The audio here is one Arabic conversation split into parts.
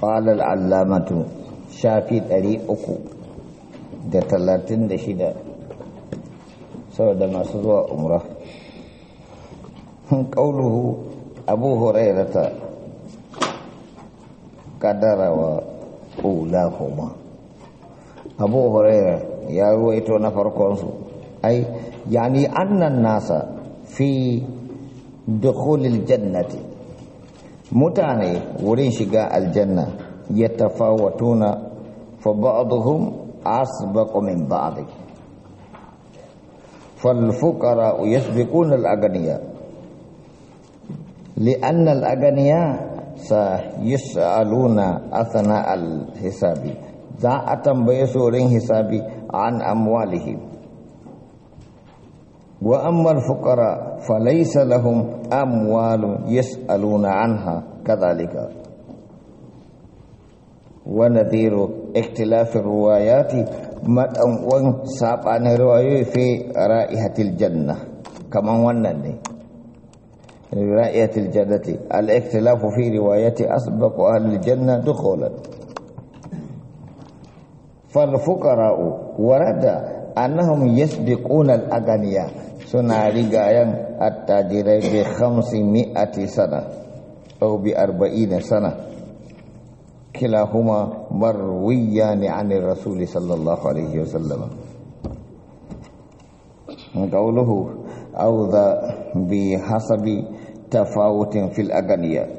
قال العلامة shafi ɗari uku da talatin da shida saboda masu zuwa umra ƙauluhu abu hurairata kadara wa ƙulahuma abu huraira ya ruwaito na farkonsu ai yani annan nasa fi dukhulil jannati mutane wurin shiga aljanna ya tafawatuna fa ba'dhum asbaqu min ba'd fal fuqara yasbiquna al aghniya li anna al aganiya لأن الأغنياء سيسألون أثناء الحساب ذا أتم بيسورين hisabi an amwalihim وأما الفقراء فليس لهم أموال يسألون عنها كذلك ونذير اختلاف الروايات مدعوان سابان رواية في رائحة الجنة كما ونني رائحة الجنة الاختلاف في رواية أسبق أهل الجنة دخولا فالفقراء ورد أنهم يسبقون الأغنياء sunari gayang rigayen attajirai bi khamsi mi'ati sana au bi arba'ina sana kilahuma marwiya ne an rasuli sallallahu alaihi wa sallama qawluhu aw dha bi hasabi tafawutin fil aganiya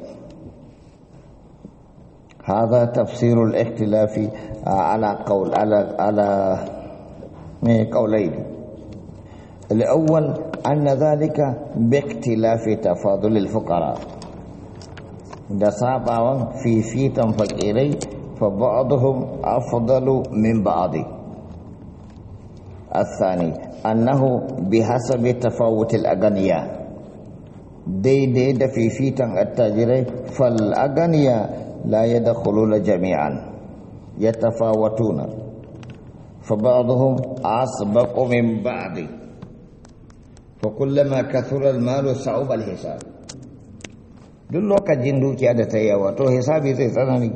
هذا تفسير الاختلاف على قول على على قولين الأول أن ذلك باختلاف تفاضل الفقراء إذا صعب في fakirai فقيري فبعضهم أفضل من بعض الثاني أنه بحسب تفاوت الأغنياء دي دي في فيتن التاجرين فالأغنياء لا يدخلون جميعا يتفاوتون فبعضهم أسبق من بعض وكلما كثر المال صعب الحساب duk lokacin dukiya da ta yi yawa to hisabi zai tsanani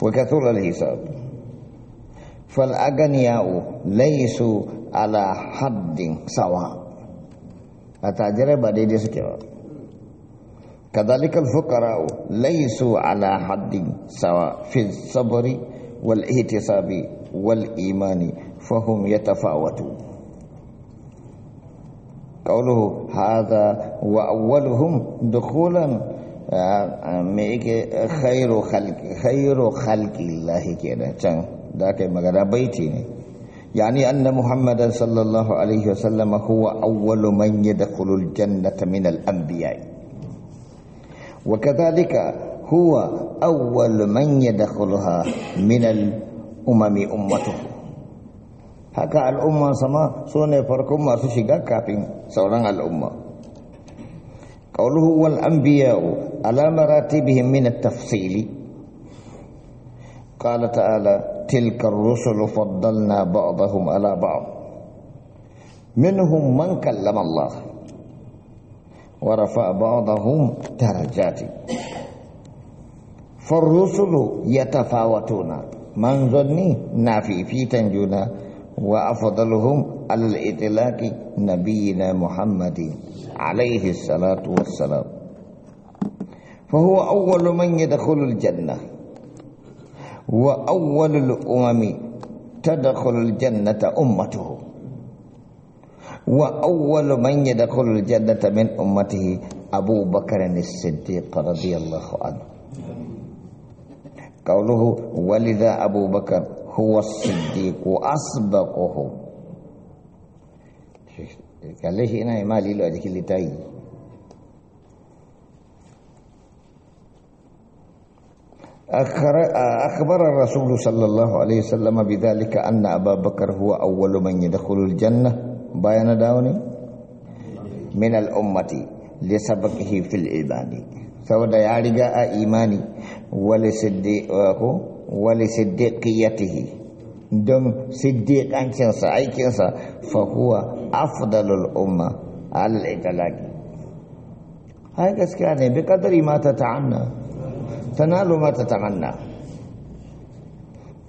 wa kathura al-hisab fal aganiya'u laysu ala haddin sawa atajirai ba daidai suke ba kadhalika al-fuqara'u laysu ala haddin sawa fi sabri wal ihtisabi wal imani fahum yatafawatu قوله هذا وأولهم دخولا آه، خير خلق خير خلق الله كده چن دا کے مگر يعني أن محمد صلى الله عليه وسلم هو أول من يدخل الجنة من الأنبياء وكذلك هو أول من يدخلها من الأمم أمته haka al'umma sama su ne farkon masu shiga kafin sauran al'umma qawluhu wal anbiya'u ala maratibihim min at-tafsili qala ta'ala tilka ar rusul faddalna ba'dahum ala ba'd minhum man kallama Allah wa rafa'a ba'dahum darajati فالرسل يتفاوتون من ظني نافي في تنجونا وأفضلهم على الإطلاق نبينا محمد عليه الصلاة والسلام فهو أول من يدخل الجنة وأول الأمم تدخل الجنة أمته وأول من يدخل الجنة من أمته أبو بكر الصديق رضي الله عنه قوله ولذا أبو بكر huwa siddiqu asbaquhum kale rasul sallallahu anna ababakar huwa awwalu man yadkhulul janna bayana dawni min ummati li ya riga a imani wa ولصديقيته دم صديق أنشنسا أي كنسا فهو أفضل الأمة على الإطلاق هاي كسكاني بقدر ما تتعنى تنال ما تتمنى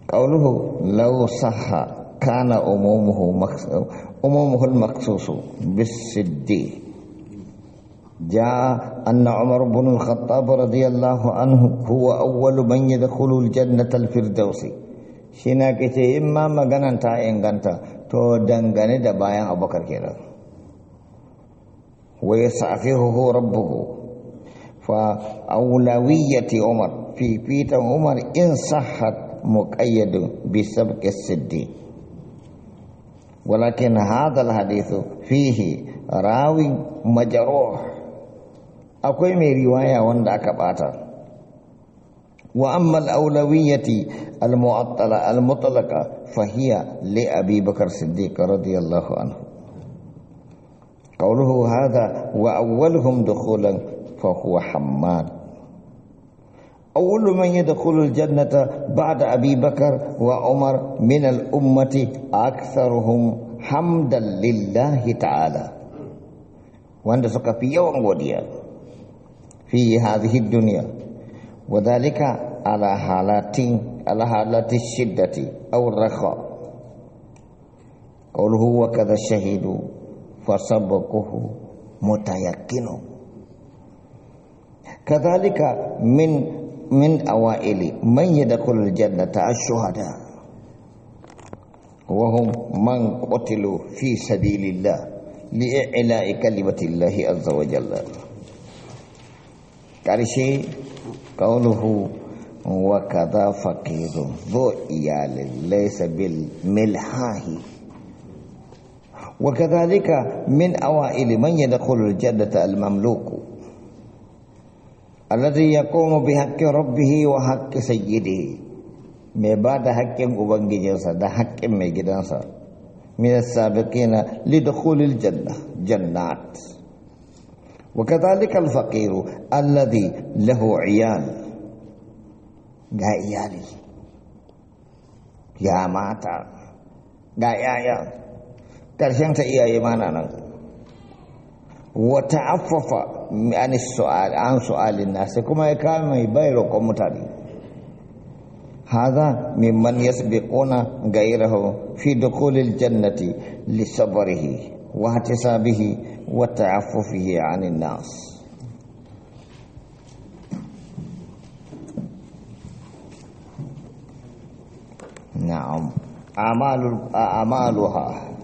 قوله لو صح كان أمومه مخصوص أمومه المخصوص بالصديق jaa anna umar ibn al-khattab radiyallahu anhu huwa awwalu man yadkhulu al-jannata al-firdaws shina kace imma maganan ta inganta to dangane da bayan abubakar kenan wa yasafihu rabbuhu fa awlawiyyati umar fi fitan umar in sahhat muqayyadu bi sabqi siddi walakin hadha al-hadithu fihi rawi majruh akwai mai riwaya wanda aka bata wa amma al’aulawiyyati al-mu’attala al-mutalaka fahiyya le abi bakar siddiqa radiyallahu anhu ƙauruhu haɗa wa awwalhum dukulan fahuwa hamad awulman yi dukulul jannata ba da abi wa umar minal ummati aksaruhum hamda lillahi ta’ala wanda suka fi yawan godiyar في هذه الدنيا وذلك على حالات على حالات الشدة أو الرخاء قل هو كذا الشهيد فسبقه متيقن كذلك من من أوائل من يدخل الجنة الشهداء وهم من قتلوا في سبيل الله لإعلاء كلمة الله عز وجل கடைசி கவுலுஹு வகதா ஃபகீரு தோ இயாலு லேச பில் மில்ஹாஹி وكذلك من أوائل من يدخل الجنة المملوك الذي يقوم بحق ربه وحق سيده ما بعد حق أبنجي حق من السابقين لدخول الجنة جنات وكذلك الفقير الذي له عيال جاء عيالي يا ماتا جاء يا ترشن سي يا ما وتعفف عن السؤال عن سؤال الناس كما كان ما يبايرو كومتاني هذا ممن يسبقون غيره في دخول الجنة لصبره واحتسابه وتعففه عن الناس نعم أعمال أعمالها